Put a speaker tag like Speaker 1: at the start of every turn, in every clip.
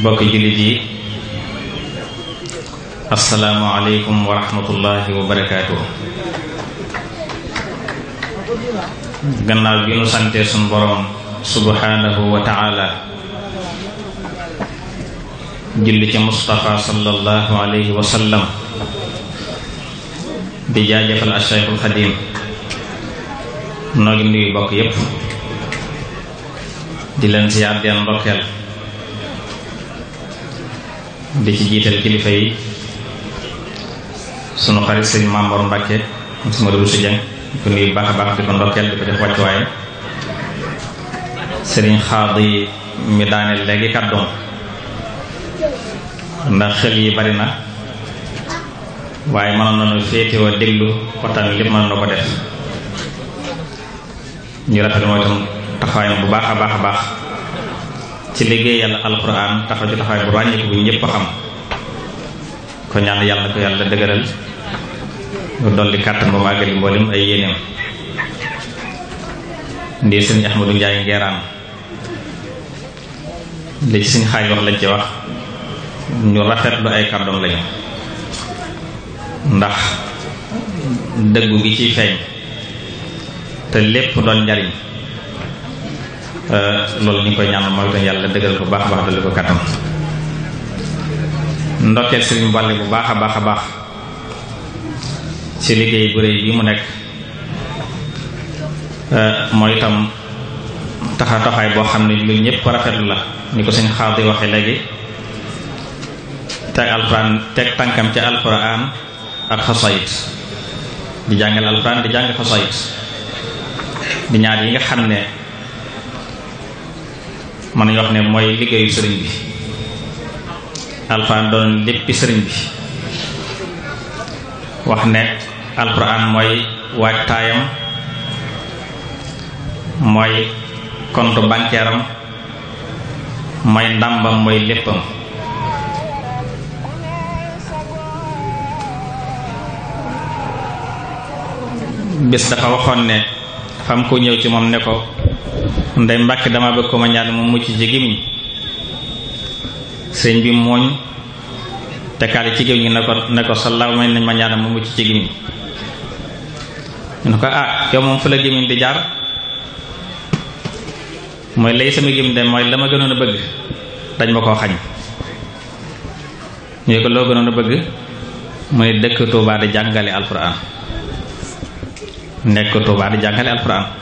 Speaker 1: bokki jullit yi asalaamualeykum wa rahmatullahi wa barakaatu gannaaw bi nu sante sun borom subhanahu wa taala julli Mustafa sallallahu wa sallam di jaajëfal Cheikhul Xadim noo ngi bokk yépp di leen ziyaar di leen di ci jiital kilifa yi sunu xarit sëñ Mamor Mbacke suma dugg si jàng ko nuyu baax a baax di ko ndokkeel di ko def wàccuwaay sëriñ Xaadi mi daaneel léegi kàddoom ndax xel yi bari na waaye mënoon nañu féetewoo déglu waxtaan lépp mënoon na ko def ñu rafetlu mooy tam taxawaayam bu baax a baax a baax ci liggéeyal alquran taxaw ci taxawaay bu ràññiku bu ñëpp xam ko yàlla ko yàlla dëgëral lu dolli kàttan ba màggali mboolem ay yéeneem ndi sëñ Ahmadou Ndiaye Ngeeraan li ci xaaj wax lañ ci wax ñu rafetlu ay kàddoom lañu ndax dëggu gi ciy feeñ te lépp doon njariñ Euh, loolu ñu ngi koy ñaanal mooy itam yàlla dëgëral ko baax a baax dolli ko kattan ndokkeel sëriñ Mballe bu baax a baax a baax ci liggéey bu rëy bi mu nekk euh, mooy itam taxa boo xam ne lu ñëpp rafetlu la ni ko sëñ Xaadi waxee léegi te alxuraan teg tànkam ci alxuraan ak xasaayit di jàngal alxuraan di jàng xasaayit di ñaar yi nga xam ne mën nañu wax ne mooy liggéeyu sëriñ bi alxuraan doon léppi sëriñ bi wax ne alxuraan mooy waajtaayam mooy compte bancaire am mooy ndàmbam mooy léppam bis dafa waxoon ne fam ko ñëw ci moom ne ko ndey mbàkki dama bëgg ko ma mu mucc ci gémmiñ sëñ bi mooñ tekaale ci gémmiñ ne ko ne ko salaaw may nañ ma ñaan mu mucc ci gémmiñ ne ko ah yow moom fu la gémmiñ di jaar mooy lay sama gémmiñ de mooy la ma gënoon a bëgg dañ ma ko xañ ñu ko loo gënoon a bëgg mu ne dëkk Tuubaa di jàngale alxuraan nekk Tuubaa di jàngale alxuraan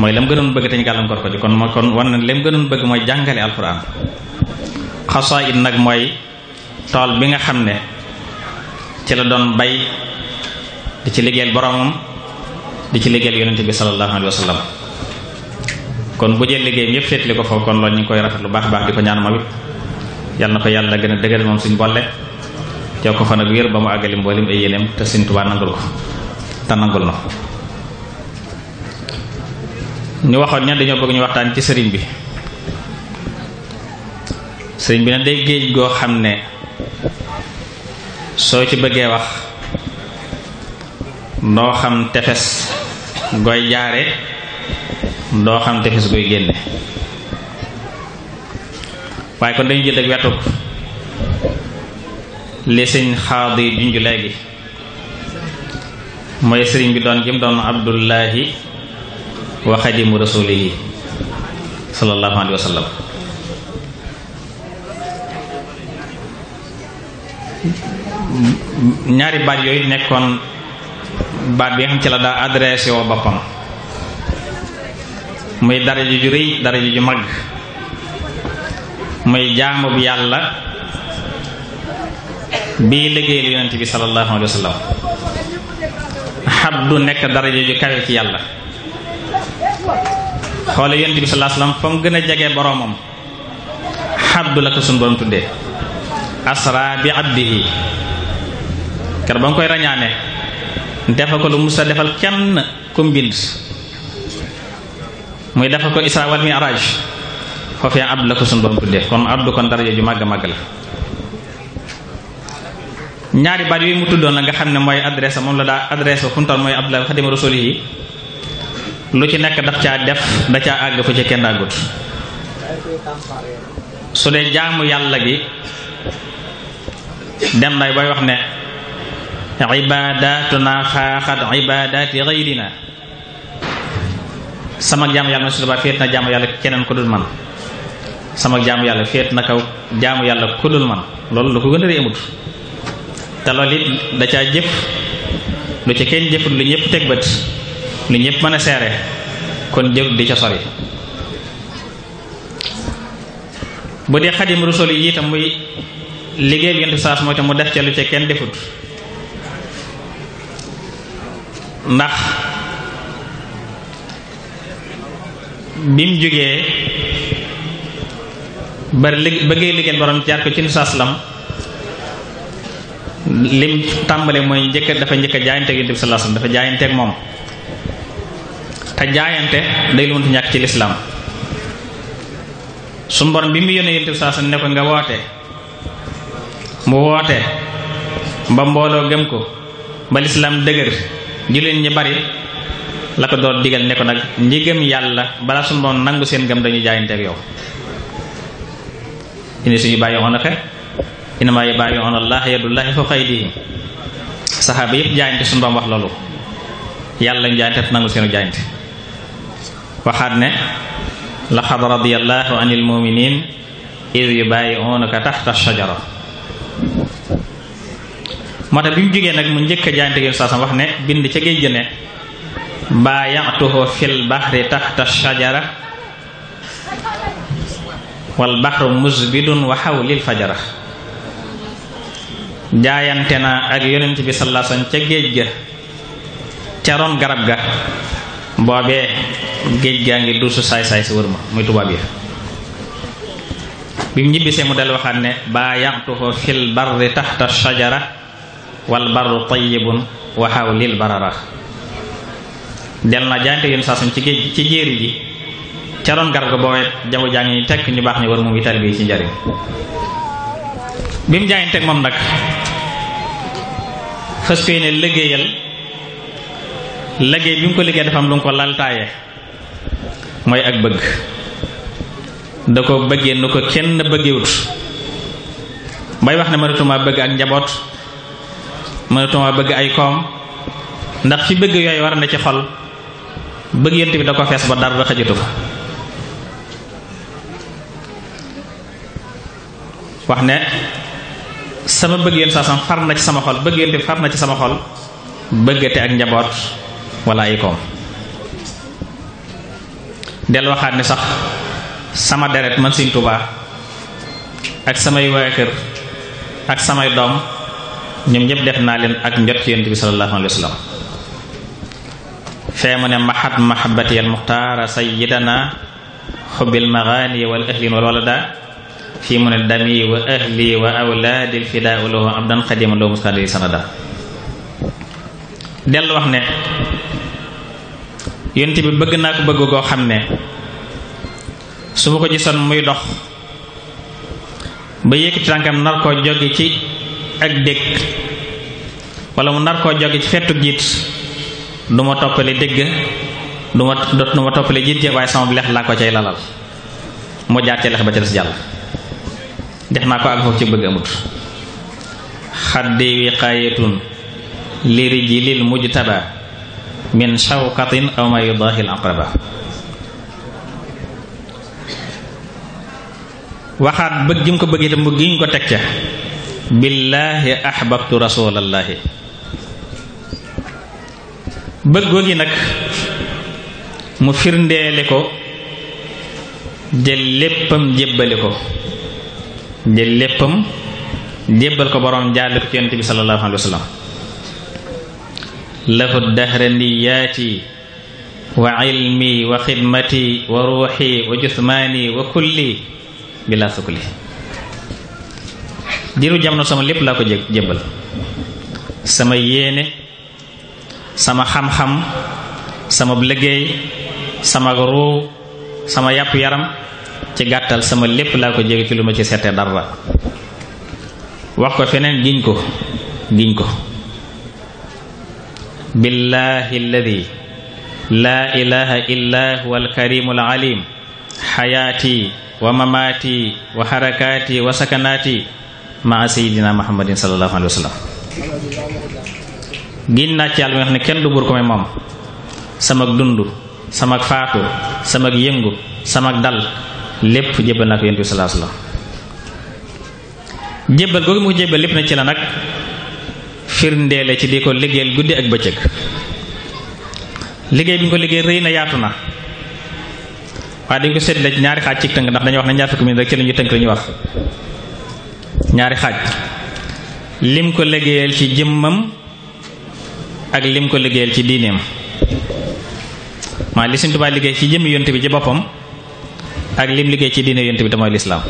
Speaker 1: mooy lam gënoon bëgg te ñu gàllankoor ko ci kon mooy kon wan na lam gënoon bëgg mooy jàngale alxuraan xasaayid nag mooy tool bi nga xam ne ci la doon bay di ci liggéeyal boromam di ci liggéeyal yonente bi sallallahu alayhi wa sallam kon bu jël liggéeyam yëpp féetli ko foofu kon loolu ñu koy rafet lu baax baax di ko ñaan ma it yal na ko yàlla gën a dëgëral moom suñ bolle jox ko fa nag wér ba mu àggali mboolem ay yéeneem te sint tubaa nangul ko te nangul na nu waxoon ña dañoo bëgg ñu waxtaan ci sëriñ bi sëriñ bi nag day géej goo xam ne soo ci bëggee wax doo xam tefes goy jaare doo xam tefes goy génne waaye kon dañu jël ak wetuk li sëñ xaadi junj léegi mooy sëriñ bi doon jëm doon abdullahi wa xadimu rasulihi sallallahu alayhi wa sallam ñaari baat yooyu nekkoon baat bi nga xam ci la daa adressé woo boppam muy daraja ju rëy daraja ju mag muy jaamu bu yàlla bii liggéeyal yonent bi sallallahu alayhi wa sallam xaddu nekk daraja ju kawe ci yàlla xoole yonent bi sallallahu alayhi wasallam fa mu gën a jege boroomam xabdu la ko suñu borom tuddee asra bi abdihi ker ba nga koy rañaane defal ko lu musa defal kenn ku mbind muy defa ko isra wal mi'raj foofee abdu la ko suñu borom tuddee kon abdu kon daraja ju màgg màgg la ñaari baat yooyu mu tuddoon la nga xam ne mooy adresse moom la daa adresse xuntal mooy abdullah xadima rasuli yi lu ci nekk daf ca def da caa àgg fu ci kenn àggut su dee jaamu yàlla gi dem nay booy wax ne ibaadatuna xaaxat ibaadati xayrina sama jaamu yàlla ma sutuba keneen ku dul man sama jaamu yàlla féet na kaw jaamu yàlla ku dul man loolu lu ko gën a rëy amut te loolu it da caa jëf lu ci kenn jëfut lu ñëpp teg bët lu ñëpp mën a seere kon jërut di ca sori bu dee xadim rasul yi itam muy liggéeyal yentu saas moo te mu def ca lu ca kenn defut ndax bi bim jógee ba li ba ngay liggéeyal borom jaar ko ci nu saaslam lim tàmbale mooy njëkk dafa njëkk a jaayanteeg yonent sa sallallahu alayhi wasallam dafa jaayanteeg moom te jaayante day lu mënta ñàkk ci lislaam su mbon bi mu yónnee yonent woote mu ba mbooloo gëm ko ba lislaam dëgër jullit ñi bari la doon digal ne nag ñi yàlla balaa suñu borom nangu seen gëm dañuy jaayanteeg yow ini suñu bàyyi woon ake inamaa yi bàyyi woon allah yadullahi fawqa aydihim saxaaba yëpp jaayante suñu borom wax loolu yàlla lañu jaayante nangu seenu jaayante waxaat ne laqad radiyallahu anil mu'minin id yubayi'unaka tahta shajara moo tax bi mu jógee nag mu njëkk a jaante gi saasam wax ne bind ca géej ne baaya'tuhu fil bahri tahta shajara wal bahru musbidun wa hawlil fajara jaayante na ak yonent bi sallallahu alayhi wasallam ca géej ga ca ron garab ga boobee géej gaa ngi duusu saay-saay si wër ma muy tubaab yi bi mu ñibbisee mu del waxaat ne baa yaxtuhu fil barri taxta shajara wal barru tayyibun wa hawlil barara del na jaante yén saasum ci géej ci jéeri ji ca roon garab ga boowet jaww jaa ngi tekk ñu baax ñu war moom ital bi ci njariñ bi mu jaayanteeg moom nag fas yéene liggéeyal liggéey bi mu ko liggéey dafa am mu ko laltaayee mooy ak bëgg da ko bëggee nu ko kenn bëggewut bay wax ne mënatuma bëgg ak njaboot mënatuma bëgg ay koom ndax ci bëgg yooyu war na ci xol bëggante bi da ko fees ba dara xajatu fa wax ne sama bëggeen saa sam far na ci sama xol bëggante bi far na ci sama xol bëggate ak njaboot wala ay koom del waxaat ne sax sama deret man Sëriñ Tuubaa ak samay waa kër ak samay doom ñoom ñëpp def naa leen ak njot ci yonent bi sallallahu alayhi wa sallam fee mu ne mahat mahabati al muxtaara sayyidana xubbil wal ahlin wal walada fii mu ne dami wa ahli wa awlaadi alfidaa lahu abdan xadima loo muskaan sanada del wax ne yonent bi bëgg naa ko bëgg goo xam ne su ma ko gisoon muy dox ba yëkkati tànkam nar koo jóge ci ak dégg wala mu nar koo jóge ci xeetu jiit du ma toppale dégg du ma du ma toppale jiit ja waaye sama lex laa ko cay lalal moo jaar lex ba ca des jàll def naa ko ak foofu ci bëgg amut xaddi wi xaayatun liri ji lil mujj tabaa min shawkatin aw ma yudaahi waxaat bëgg jim ko bëgg itam bëgg ñu ko teg ca billaahi ahbabtu rasulallaahi bëggoo gi nag mu firndeele ko jël léppam jébbali ko jël léppam jébbal ko boroom jaarle ko ci yonent bi sallallahu alayhi wa lahu dahraniyati wa ilmi wa xidmati wa ruuxi wa jusmaani wa kulli bila sukli diiru jamono sama lépp laa ko jébbal sama yéene sama xam-xam sama liggéey sama ruu sama yàpp yaram ci gàttal sama lépp laa ko jég ci lu ma ci seete dara wax ko feneen giñ ko giñ ko billahi alladi laa ilaha illa huwa alkarimu alalim xayaati wa mamaati wa xarakaati wa sakanaati maa sayidina muhammadin sallallahu alayhi wa sallam gin naa mi nga xam ne kenn du buur ko may moom samak dund samak faatu samak yëngu sama dal lépp jébbal naa ko yonent bi sallallahu wa sallam jébbal googu mu jébbal lépp na ci la nag firndeele ci di ko liggéeyal guddi ak bëccëg liggéey bi ñu ko liggéey rëy na yaatu na waaye dañ ko seetle ci ñaari xaaj ci tënk ndax dañuy wax ne ñaar fukki minute rek ci la ñuy tënk la xaaj lim ko liggéeyal ci jëmmam ak lim ko liggéeyal ci diineem maa li Sëñ Tuubaa liggéey ci jëmmi yont bi ci boppam ak lim liggéey ci diine yont bi te mooy lislaam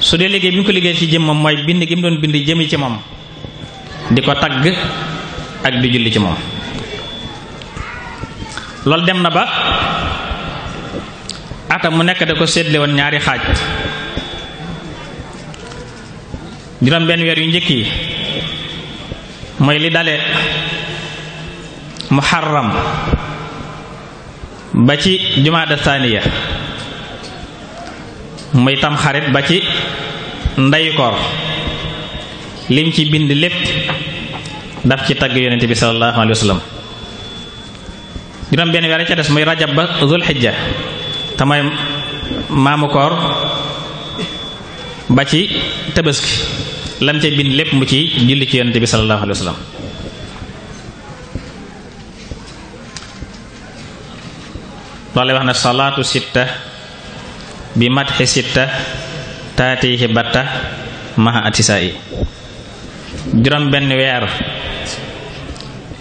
Speaker 1: su dee liggéey bi mu ko liggéey ci jëmmam mooy bind gi mu doon bind jëmi ci moom di ko tagg ak di julli ci moom loolu dem na ba atam mu nekk da ko séddale woon ñaari xaaj juróom benn weer yu njëkk yi mooy li dale muharram ba ci jumaada saaniya muy tam xarit ba ci ndeyu koor lim ci bind lépp daf ci tagg yonent bi sallallahu alayhi wa juróom benn weer ca des muy rajab ba zul xijja te mooy maamu koor ba ci tabaski lam ca lépp mu ci julli ci yonent bi salaatu sitta bi matxi sitta taatihi batta maha yi juróom benn weer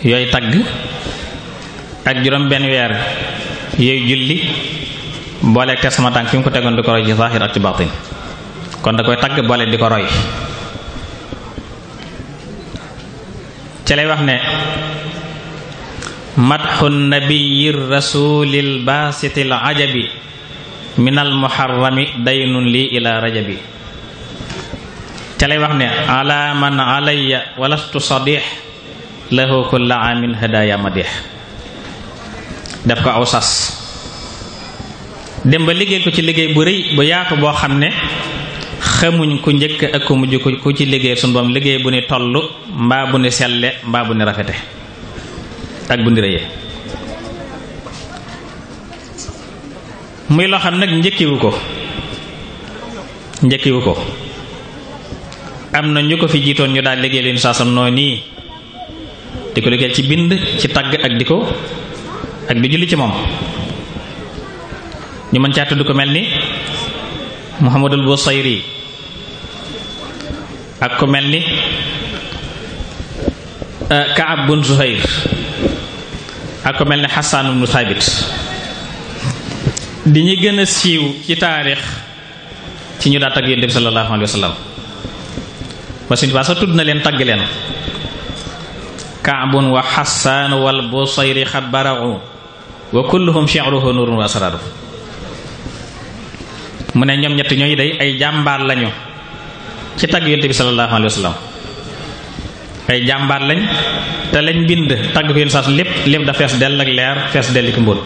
Speaker 1: yooy tagg ak juróom benn weer yooyu julli boole teg sama tànk fi mu ko tegoon di ko roy ci zahir ak ci batin kon da koy tagg boole di ko roy ci lay wax ne madxu nabiyi rasulil basitil ajabi minal muharrami daynun lii ila rajabi ca lay wax ne ala man alayya walastu lahu kulla aamin hadaaya madih def ko aw sas dem ba liggéey ko ci liggéey bu rëy bu yaatu boo xam ne xamuñ ku njëkk ak ku mujj ku ci liggéey suñu boom liggéey bu ni toll mbaa bu ni selle mbaa bu ni rafete ak bu ni rëyee muy loo xam nag njëkkiwu ko njëkkiwu ko am na ñu ko fi jiitoon ñu daal liggéey leen saasam noonu nii di ko liggéey ci bind ci tagg ak di ko ak di julli ci moom ñu mën caa tudd ko mel ni Muhammadul Busayri ak ko mel ni euh, Kaab bun Zuhayr ak ko mel ni Xasaan bnu Thabit di ñu gën a siiw ci taarix ci ñu daa tagg yonent bi sallallahu alayhi wa sallam ba tudd na leen tagg leen kaabun wa xasaan wal busayri xad baraxu wa kulluhum shi'ruhu nurun wa asraru mu ne ñoom ñett ñooy day ay jàmbaar lañu ci tagg yonent bi sallallahu alayhi wa te lañ bind tagg ko yonent saas lépp lépp da fees dell ak leer fees dell ki mbóot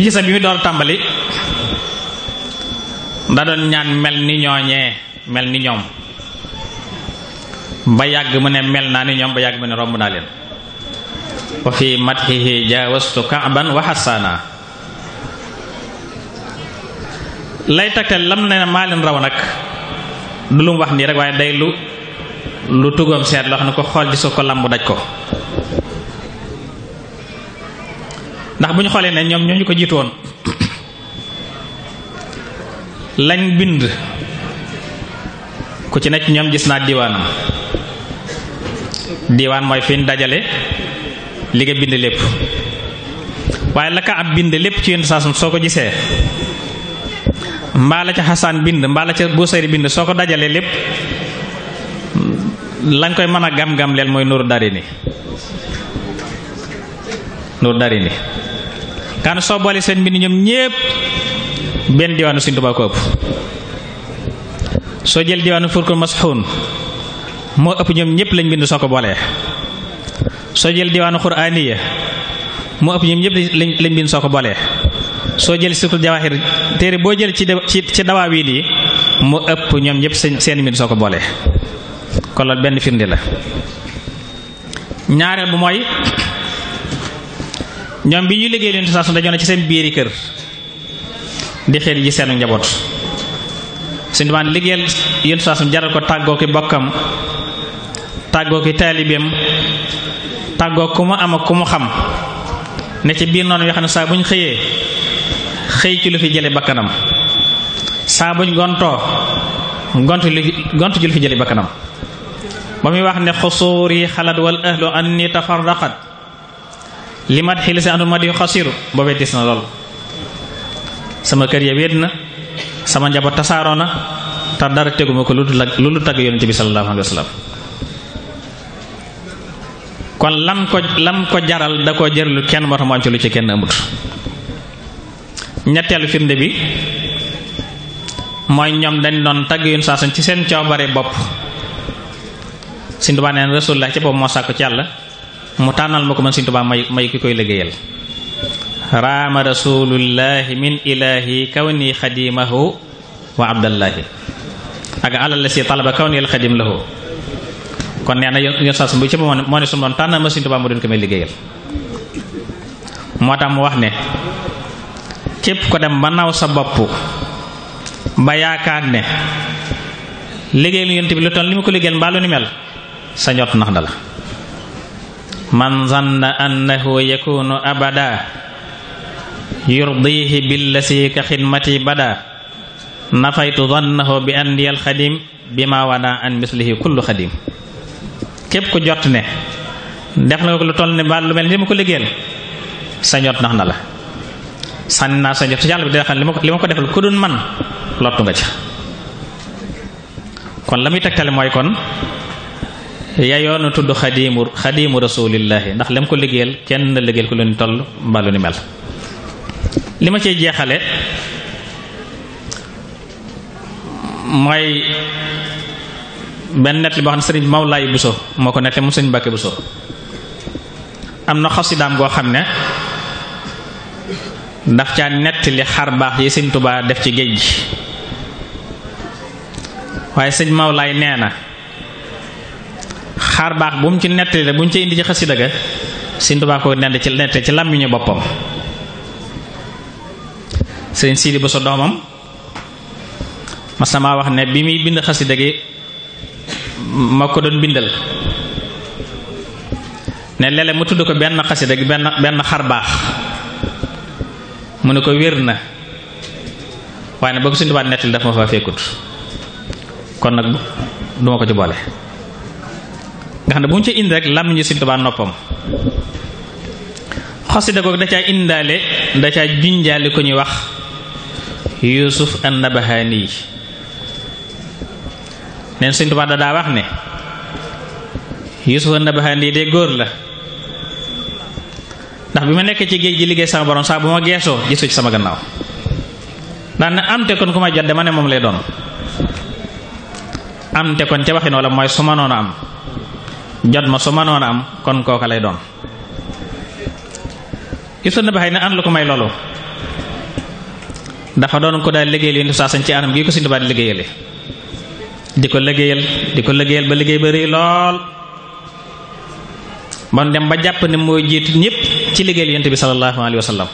Speaker 1: ñu sa bi mu door tàmbali da doon ñaan mel ni ñooñee mel ni ñoom ba yàgg ma ne mel naa ni ñoom ba yàgg mu ne romb naa leen wa fi madhihi jaawastu kaaban wa xasaana lay tegtal lam ne maa leen raw nag du lu mu wax nii rek waaye day lu lu tugam seet loo xam ko xool gisul ko lamb daj ko ndax bu ñu xoolee ne ñoom ñoo ñu ko jiitu woon lañ bind ku ci nekk ñoom gis naa diwaanam diiwaan mooy fi dajale li bind lépp waaye la ka ab bind lépp ci yenn saasam soo ko gisee mbaa la ca xasaan bind mbaa la ca busari bind soo ko dajalee lépp lañ koy mën a gam-gam leen mooy nuuru dari ni nuuru dari ni kan soo boole seen mbind ñoom ñépp benn diwaanu Sëriñ ko ëpp soo jël diwaanu Furqul Mashuun moo ëpp ñoom ñëpp lañ bind soo ko boolee soo jël diwaanu xuraaniya moo ëpp ñoom ñëpp lañ lañ soo ko boolee soo jël siful jawaahir téere boo jël ci ci dawaawiil yi moo ëpp ñoom ñëpp seen seen mbind soo ko boolee kon benn firnde la ñaareel bu mooy ñoom bi ñuy liggéey leen station dañoo ne ci seen biiri kër di xel ji seenu njaboot suñu demande liggéeyal yéen station jaral ko tàggoo ki bokkam tàggoo ki taalibeem tàggoo ku mu am ak ku mu xam ne ci biir noonu yoo xam ne saa buñ xëyee xëy ci lu fi jële bakkanam saa buñ gontoo gont fi ci lu fi jële bakkanam ba muy wax ne xusuuri xalat wal ahlu anni tafarraqat li mat xili si andul ma di xasiru boobee dis na lool sama kër ya wéet na sama njaboot tasaaroo na te dara teguma ko lu lu tagg yonent bi sallallahu alayhi wa kon lam ko lam ko jaral da koo jërlu kenn moo tax mu am ci lu ci kenn amut ñetteelu firnde bi mooy ñoom dañ doon tagg yoon saa ci seen coobare bopp Sëriñ Tuubaa ci bopp moo sàkku ci Yàlla mu tànnal ma ko man Sëriñ Tuubaa may may ki koy liggéeyal raama rasulullahi min ilahi kawni xadimahu wa abdallahi ak alal la si talaba kawni al kon nee na yoon saa su ci moom moo ne suñu doon tànn ma Sëriñ Tuubaa moo doon ko may liggéeyal moo tax mu wax ne képp ko dem ba naw sa bopp ba yaakaar ne liggéeyal yonent bi lu toll ni mu ko liggéeyal mbaa ni mel sa njot nax dala man annahu yakunu abada yurdihi billasi ka xidmati bada nafaytu zannahu bi anni alxadim bima wada an mislihi kullu xadim képp ku jot ne def na ko lu toll ne ba lu mel ni li ma ko liggéeyal sa jot nax na la sànni naa sa jot si yàlla bi dina xam li ko li ma ko defal ku dun man lottu nga ci kon la muy tegtale mooy kon yayoonu tudd xadiimu xadiimu rasulillahi ndax li ma ko liggéeyal kenn na liggéeyal ku lu ni toll mbaa lu ni mel li ma ciy jeexale mooy benn nett li boo xam ne sëriñ Mawlaay Buso moo ko nette mu sëriñ Mbàkke Buso am na xasidaam goo xam ne daf caa nett li xar baax yi sëriñ Tuubaa def ci géej gi waaye sëriñ Mawlaay nee na xar baax bu mu ci nett li bu mu ci indi ci xasida ga sëriñ Tuubaa ko nett ci nett ci làmmiñu boppam sëriñ Siidi Buso doomam mas na wax ne bi muy bind xasida gi ma ko doon bindal ne lele mu tudd ko benn xasida ak benn benn xar baax mu ne ko wér na waaye nag ba ko suñu tubaat nettali daf ma faa fekkut kon nag duma ko ci boole nga xam ne bu mu ci indi rek lam ñu suñu tubaat noppam xasida googu da caa indaale da caa junjaale ko ñuy wax yusuf an nabahaani neen Sëriñ Tuubaa daa wax ne Yuusufa de góor la ndax bi ma nekk ci géej gi liggéey sama borom saa bu ma geesoo gisu ci sama gannaaw daan na am te kon ku ma jot dama ne moom lay doon am te kon ca waxin wala mooy su ma noonu am jot ma su ma noonu am kon kooka lay doon Yuusufa Nabaxandi ne an la ko may loolu dafa doon ko daal liggéeyal yi saa sañ ci anam gi ko Sëriñ liggéeyale di ko liggéeyal di ko liggéeyal ba liggéey ba rëy lool man dem ba jàpp ne mooy jiit ñépp ci liggéeyal yonent bi sallallahu alayhi wa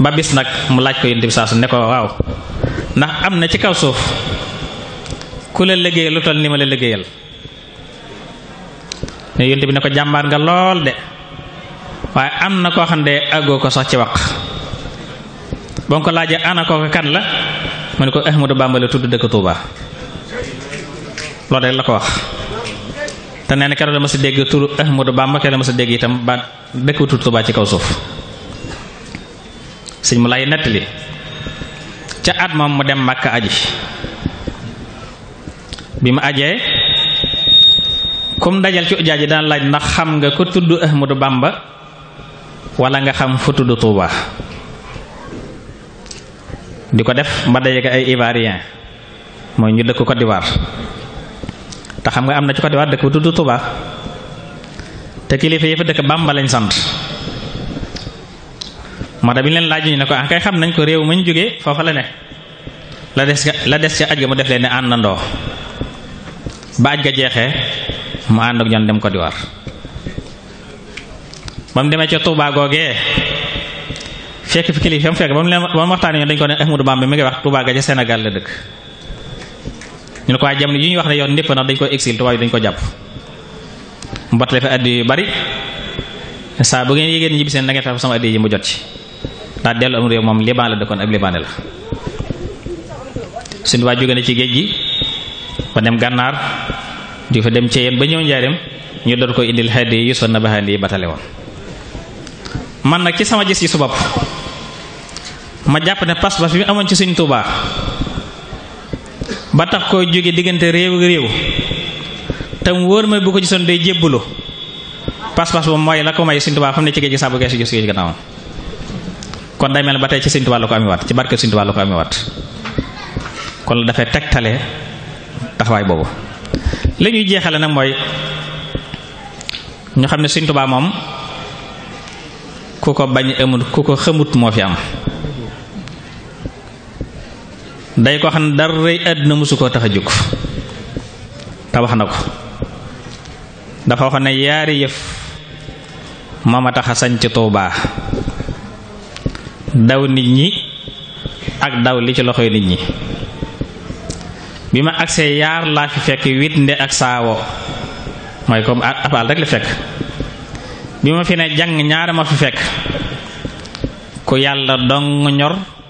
Speaker 1: ba bis nag mu laaj ko yonent bi saa ne ko waaw ndax am na ci kaw suuf ku la liggéeyal lu toll ni ma la liggéeyal ne yonent bi ne ko jàmbaar nga lool de waaye am na koo xam ne àggoo ko sax ci wax ba nga ko laajee ana kooku kan la mu ne ko Ahmadu Bamba tudd dëkk Tuuba loolu rek la ko wax te nee na keroog ma si dégg tur Ahmadou Bamba keroog la ma si dégg itam ba dëkk Tuubaa ci kaw suuf sëñ mu lay nettali ca at moom mu dem Makka aji bi mu ajee kum dajal ci ujaaji daan laaj ndax xam nga ko tudd Ahmadou Bamba wala nga xam fu tudd Tuubaa di ko def mba daje ay Ivoirien mooy ñu dëkk Côte d'Ivoire te xam nga am na ci Côte d'Ivoire dëkk bu tudd Touba te kilifa yi fa dëkk Bàmba lañ sant moo tax bi leen laaj yi ne ko ah kay xam nañ ko réew ma ñu jógee foofa ne la des la des ca aj ga mu def leen ne àndandoo ba aj ga jeexee mu ànd ak ñoom dem Côte d'Ivoire ba mu demee ca Touba googee fekk fi kilifa yi mu fekk ba mu leen ba mu waxtaanee ñoom dañ ko ne Ahmadou Bamba mi ngi wax Touba ga ca Sénégal la dëkk ñu ne ko waaye jamono yi ñu wax ne yoon népp nag dañ ko exil tubaab yi dañ ko jàpp mbottale fa addi yu bari saa bu ngeen yégéen ñibbi seen na ngeen fa sama addi yi mu jot ci ndax dellu am réew moom liban la dëkkoon ak libaane la suñu waa jóge na ci géej gi ba dem gànnaar di fa dem ceyeen ba ñëw njaareem ñu doon ko indil xedd yi na baxaan yi batale woon man nag ci sama gis yi su ma jàpp ne pas-pas bi mu amoon ci suñ Tuubaa ba tax koy jóge diggante réew ak réew tam wóor ma bu ko gisoon day jébbalu pas-pas ba mooy la ko may Sëriñ Tuubaa xam ne ci géej gi saabu geesu gis géej gannaawam kon day mel ba tey ci Sëriñ Tuubaa la ko amewaat ci barke Sëriñ Tuubaa la ko amewaat kon dafay tegtale taxawaay boobu li ñuy jeexale nag mooy ñu xam ne Sëriñ Tuubaa moom ku ko bañ amut ku ko xamut moo fi am day ko xam ne dara àddina mosu koo tax a jóg te na ko dafa wax ne yaari yëf moo ma tax a sañc Tuubaa daw nit ñi ak daw li ci loxoy nit ñi bi ma agsee yaar laa fi fekk wit nde ak saawo mooy comme apaal rek li fekk bi ma fi ne jàng ñaara ma fi fekk ku yàlla dong ñor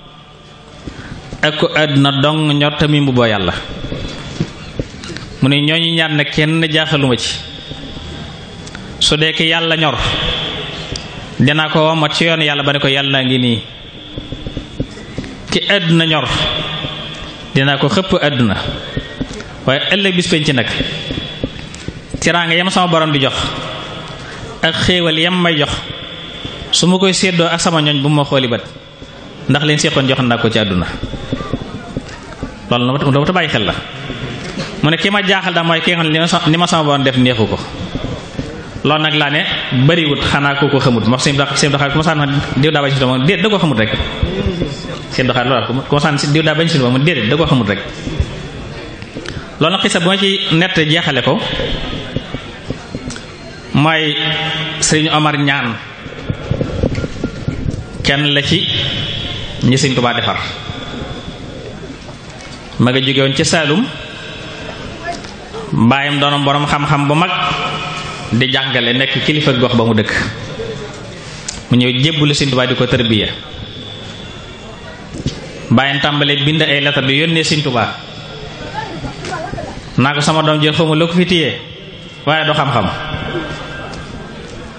Speaker 1: ak ko àdduna dong ñottami mu boo yàlla mu ne ñooñu ñaan na kenn jaaxaluma ci su dee ki yàlla ñor dinaa ko womat ci yoon yàlla ba ne ko yàlla ngi nii ki àdduna ñor dinaa ko xëpp àdduna waaye ëllëg bis ci nag tiraanga yam sama borom di jox ak xéewal yam may jox su ma koy séddoo ak sama ñooñ bu ma xooli bat ndax leen seqoon joxoon naa ko ci àdduna loolu la ta bàyyi xel la mu ne ki ma jaaxal da mooy ki nga xam ni ma sama boon def neexu ko loolu nag laa ne bariwut xanaa ko ko xamut ma seen doxal seen doxal ku ma si moom da ko xamut rek seen doxal loolu ku ma saan diw daa bañ si moom déet da ko xamut rek loolu bu ma ci nett jeexale ko mooy Sëriñ Omar ñaan kenn la ci ñi sëñ Tuubaa defar ma nga jóge woon ci Saalum mbaayam doonam boroom xam-xam bu mag di jàngale nekk kilifa gox ba mu dëkk mu ñëw jébbalu sëñ di ko tërbiya mbaayam tàmbalee bind ay lettre di yónnee sëñ naa ko sama doom jël xamul la ko fi téye waaye du xam-xam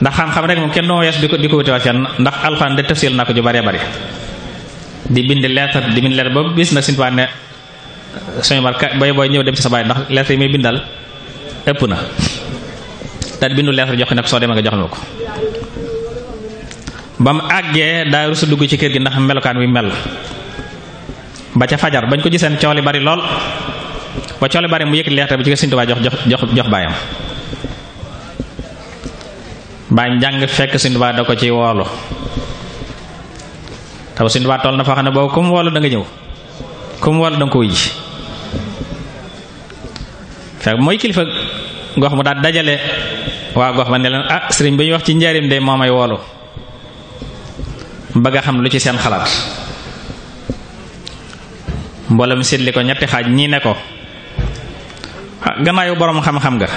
Speaker 1: ndax xam-xam rek moom kenn doo yees di ko di ko wutiwaat fenn ndax alxuraan de naa ko ju bare bare di bind lettre di bind lettre ba bis na suñu tubaab ne suñu barka boy boy ñëw dem ci sa baay ndax lettre yi muy bindal ëpp na daal bindu lettre jox ko ne soo demee nga jox ma ko. ba mu àggee daa rusu dugg ci kër gi ndax melokaan wi mel ba ca fajar bañ ko giseen cooli bari lool ba cooli bari mu yëkkati lettre bi ci suñu tubaab jox jox baayam. baay njàng fekk suñu tubaab da ko ci woolu taw suñu baat toll na foo xam ne boobu comme wala da ñëw comme wala da ko ji fekk mooy kilifa gox mu daal dajale waa gox ba ne leen ah sëriñ bi ñu wax ci njaarim de moom ay woolu bëgg a xam lu ci seen xalaat mboolem séddli ko ñetti xaaj ñii ne ko ah gannaayu boroom xam-xam nga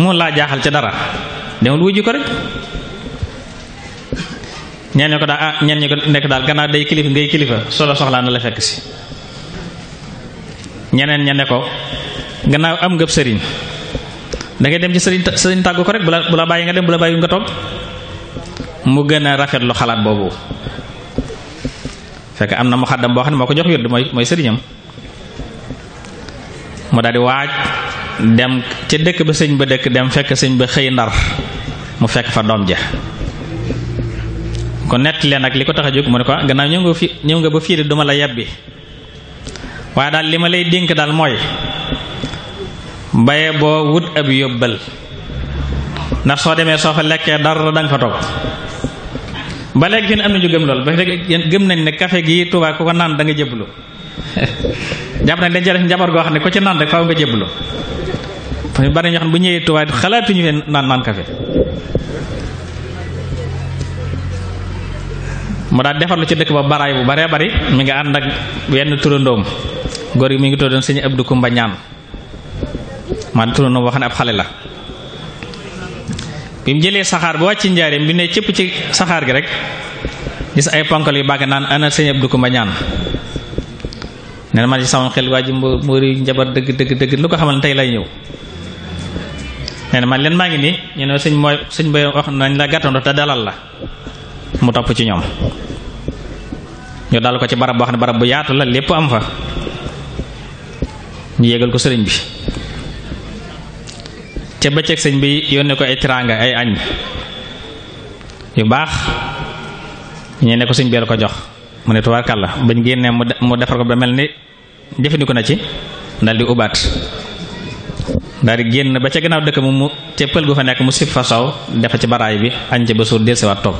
Speaker 1: mun laa jaaxal ca dara demul wujji ko rek ñeen ñi ko daal ah ñeen ñi ko nekk daal gannaaw day kilifa ngay kilifa soo la la fekk si ñeneen ña ne ko gannaaw am ngëb sëriñ da dem ci sëriñ sëriñ tàggu ko rek bu la bàyyi nga dem bu la bàyyi nga toog mu gën a rafet lu xalaat boobu fekk am na mu xaddam boo xam ne moo ko jox yódd mooy mooy sëriñam mu daal di waaj dem ca dëkk ba sëñ ba dëkk dem fekk sëñ ba xëy ndar mu fekk fa doom ja kon nett leen ak li ko tax a jóg mu ne ko ah, gannaaw ñëw nga fi ñëw nga ba fii de duma la yebbi waaye daal li ma lay dénk daal mooy baye boo wut ab yóbbal ndax soo demee soo fa lekkee dara danga fa toog ba léegi fi am na ñu gëm lool ba léegi gëm nañ ne kafe gi Tuubaa ku ko naan da nga jébbalu jàpp nañ dañ ca njabar goo xam ne ku ci naan rek faaw nga jébbalu bari ñoo xam bu ñëwee Tuubaa xalaatuñu fee naan naan café mu daal defarlu ci dëkk ba baraay bu baree bari mi ngi ànd ak wenn turandoom góor gi mi ngi tuddoon sëñ Abdou Kumba ñaan man turandoom wax ne ab xale la bi mu jëlee saxaar ba wàcc njaareem bi ne cëpp ci saxaar gi rek gis ay ponkal yu bàgg naan ana sëñ Abdou Kumba ñaan nee na man ci sama xel waa ji mbóori njabar dëgg dëgg dëgg lu ko xamal tey lay ñëw nee man leen maa ngi nii ñu ne sëñ mooy sëñ bay wax nañ la gàttandu te dalal la mu topp ci ñoom ñoo dal ko ci barab boo xam ne barab bu yaatu la lépp am fa ñu yégal ko sëriñ bi ca bëccëg sëñ bi yónnee ko ay tiraanga ay añ yu baax ñu ne ko sëñ bee ko jox mu ne tubaarkàlla bañ génnee mu defar ko ba mel ni jëfandiku na ci dal di ubaat daal di génn ba ca gannaaw dëkk mu mu ca pël gu fa nekk mu sib fa sow defa ci baraay bi añ ci ba suur dellusiwaat toog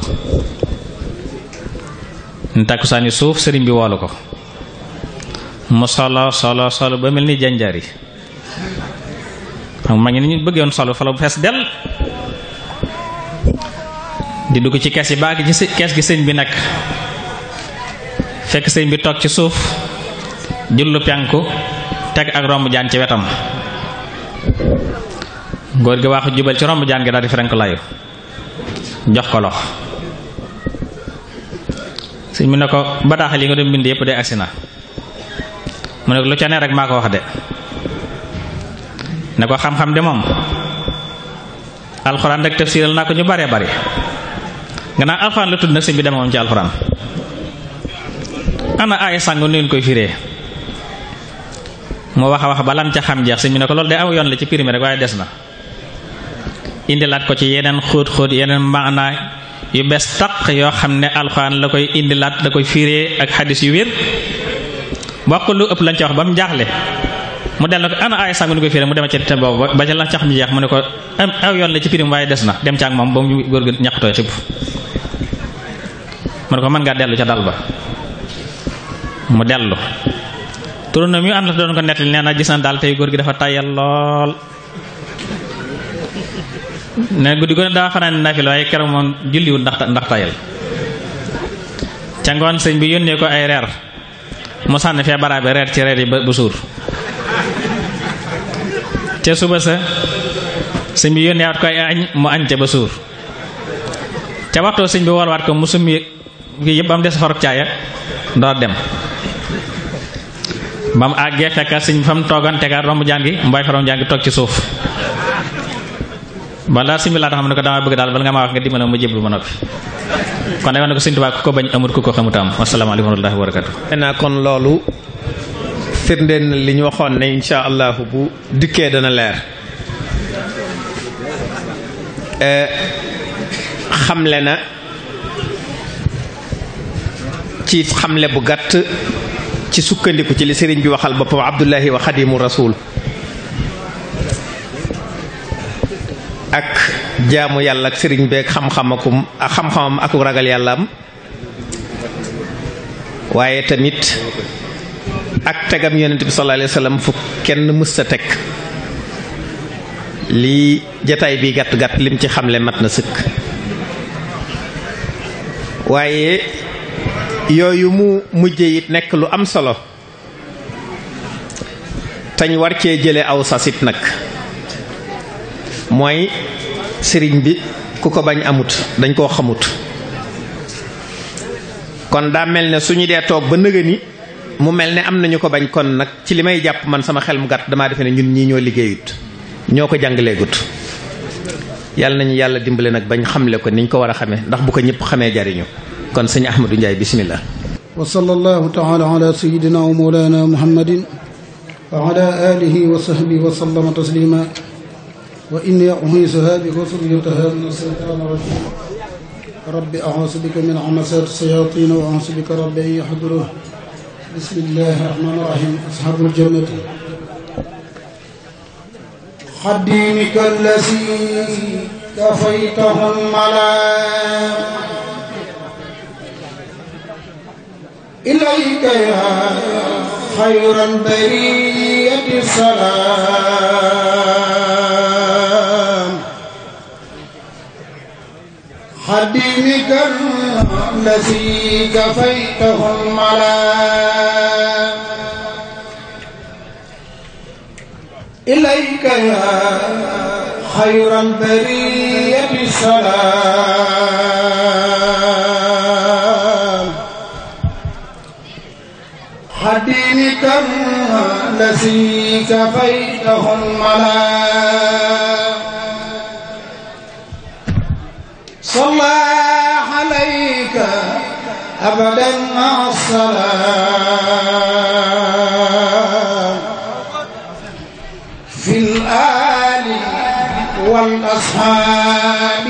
Speaker 1: ñu tàkkusaani suuf sëriñ bi woolu ko mu solo solo solo ba mel ni janjaar yi xam ma ngi ni ñu bëggoon solo fa bu fees del di dugg ci kees yi baa gi ci kees gi sëñ bi nekk fekk sëñ bi toog ci suuf jullu penku teg ak romb jaan ci wetam góor gi waaxu jubal ci romb jaan gi daal di ferenku layu jox ko sëñ bi ne ko bataaxal yi nga doon bind yëpp de agsi na mu ne ko lu ca ne rek maa ko wax de ne ko xam-xam de moom alxuraan rek tafsiral naa ko ñu baree bari nga naan alxuraan la tudd nag sëñ bi dema moom koy firee mu wax wax ba lam ca xam jeex sëñ bi ne ko loolu de aw yoon la ci primi rek waaye des na indilaat ko ci yeneen xóot xóot yeneen maanaa yu bees taq yoo xam ne alxuraan la koy indilaat la koy fiiree ak xadis yu wér bokk lu ëpp lañ ca wax ba mu jaaxle mu dellu na ko ana aay sàngu mu dem ca te boobu ba ca la cax mu jeex mu ne ko yoon la ci firim waaye des na dem ca moom ba mu góor gi ñàkkutoo tibb mu ne ko man ngaa dellu ca dal ba mu dellu turandoom yu ànd la doon ko nettali nee gis na daal tey góor gi dafa tayal lool ne guddi gone daa fanaan nafil waaye keroog moom julliwul ndax ndax tayal ca ngoon sëñ bi yónnee ko ay reer mu sànni fee baraabe reer ci reer yi ba bu suur ca suba sa sëñ bi yónnee waat ko añ mu añ ba suur ca waxtoo sëñ bi wolwaat ko mu summi kii yëpp ba mu des xorog caaya door dem ba mu àggee fekka sëñ bi fa mu toogoon tegaat romb jaan gi mbooy fa romb toog ci suuf balaa sëñ bi laata xam ne ko damaa bëgg daal bala nga maa wax nga dimbale ma jéblu ma noppi kon day wax ne ko sëñ Tuubaa ku ko bañ amut ku ko xamutam asalaamaaleykum wa rahmatullaahi
Speaker 2: wa naa kon loolu li ñu waxoon ne allah bu dikkee dana leer e, xamle na ci xamle bu gàtt ci sukkandiku ci li sëriñ bi waxal boppam Abdullahi wa Xadimu Rasul. ak jaamu yàlla ak sëriñ beeg um, ak xam-xamam ak ragal yàllaam waaye tamit ak tegam yonent bi sallallahu kenn mës sa teg lii jataay bi gàtt gàtt lim ci xamle mat na sëkk waaye yooyu mu mujje it nekk lu am solo tañ war cee jële aw sasit nag mooy sëriñ bi ku ko bañ amut dañ koo xamut kon daa mel ne suñu dee toog ba nëga mu mel ne am nañu ko bañ kon nag ci li may jàpp man sama xel mu gàtt damaa defe ne ñun ñii ñoo liggéeyut ñoo ko jàngaleegut yàlla nañu yàlla dimbale nag bañ xamle ko niñ ko war a xamee ndax bu ko ñëpp xamee jariñu kon sëñ Ahmadou Ndiaye bisimilah.
Speaker 3: wa sallallahu taala ala sayyidina wa mawlana muhammadin wa ala alihi wa sahbihi wa sallama taslima wa inni uhiisuha bika wa zurriyataha min ash-shaytaani rajiim rabbi a'uuzu bika min hamazaati shayaatiin wa a'uuzu bika rabbi an yahduruun bismillaahi rahmaani rahiim ashaabul jannati xadiimika allazii kafaytahum malaam ilayka yaa xayral bariyyati salaam خديمك الذي كفيته الملا إليك يا خير البرية السلام خديمك الذي كفيته الملا صلى أبدا مع السلام في الآل والأصحاب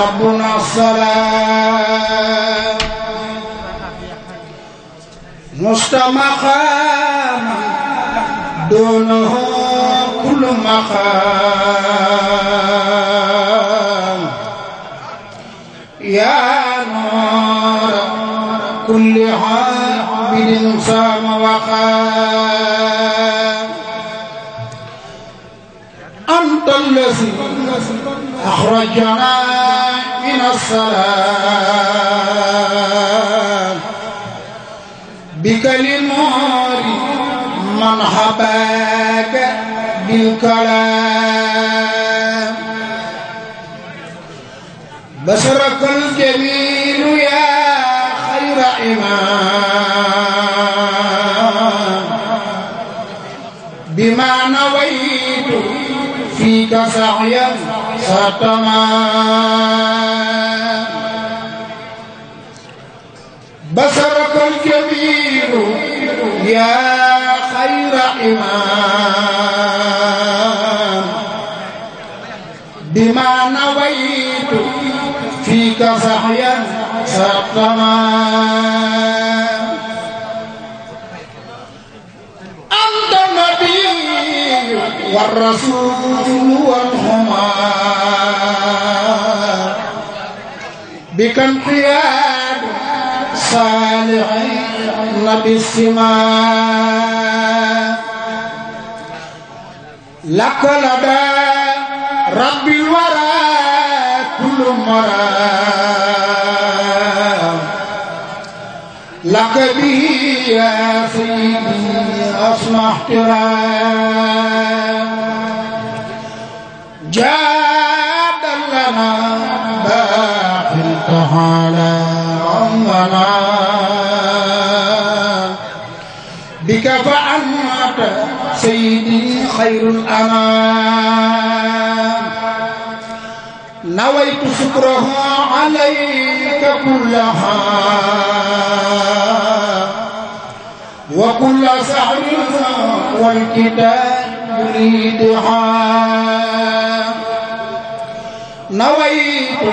Speaker 3: ربنا السلام مستمقام دونه كل مقام يا نور كل عابد صام وقام أنت الذي أخرجنا من الصلاة بكلمات من حباك بالكلام بشرك الجميل يا وإمام بما نويت فيك سعيا ستما بصرك الجميل يا خير إمام بما نويت فيك سعيا والسلام أنت النبي والرسول والهما بك انقياد صالحين بالسماء لك لدى رب الورى كل مراد لك به يا سيدي أصنع احترام جاد لنا باقي تعالى عمنا بك فأنت سيدي خير الأنام nawaytu sukraha alayka kullaha wa kulla sahrin wal kitab muridha nawaytu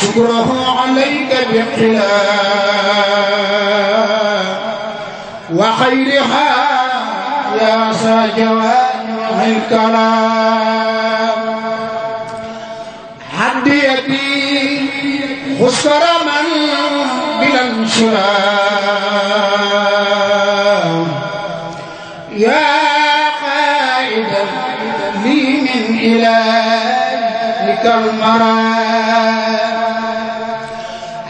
Speaker 3: sukraha alayka biqila wa khayriha ya sa jawani al kalam مسرما بلا انشرام يا قائدا لي من إلهك المرام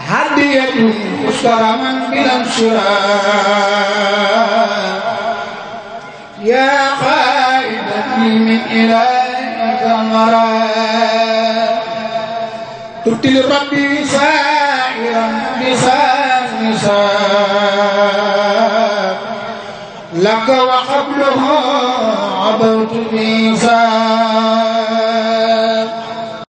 Speaker 3: هدية مسرما بلا انشرام يا قائدا لي من إلهك المرام تبت لربي سائرا بسان سان لك وقبله عبرت ميسان